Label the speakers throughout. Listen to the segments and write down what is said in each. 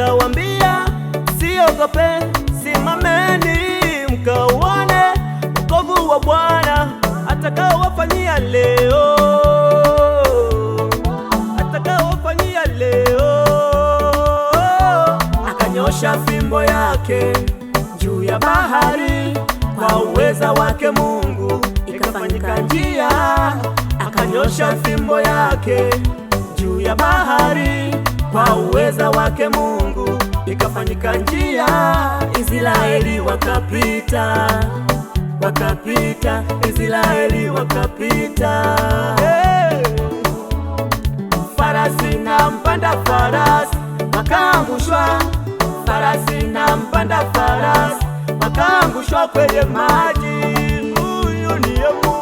Speaker 1: Akawambia siogope, simameni mkauone wokovu wa Bwana atakaowafanyia leo, atakaowafanyia leo. Akanyosha fimbo yake juu ya bahari, kwa uweza wake Mungu ikafanyika njia. Akanyosha fimbo yake juu ya bahari kwa uweza wake Mungu ikafanyika njia, Israeli wakapita, wakapita, Israeli wakapita. Hey! farasi na mpanda farasi wakaangushwa, farasi na mpanda farasi wakaangushwa kwenye maji. Huyu ni Mungu.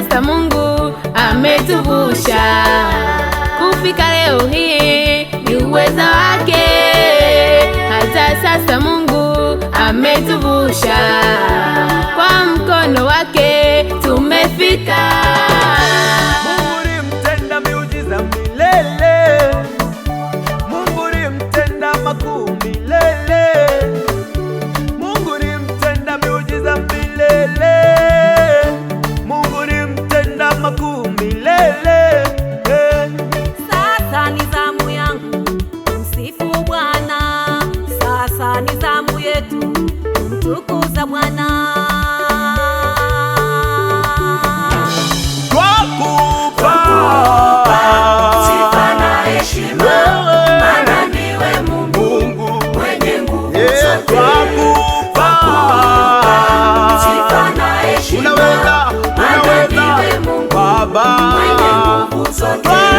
Speaker 2: Rasta Mungu ametuvusha kufika leo hii ni uweza wake. Hata sasa Mungu ametuvusha kwa mkono wake tumefika.
Speaker 1: le,
Speaker 3: Sunday.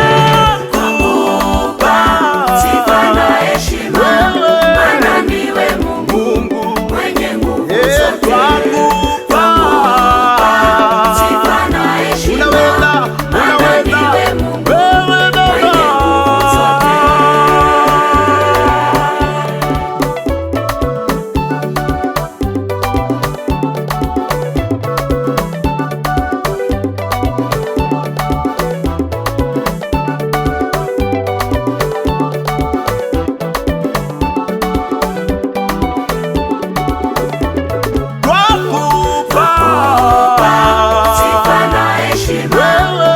Speaker 3: well.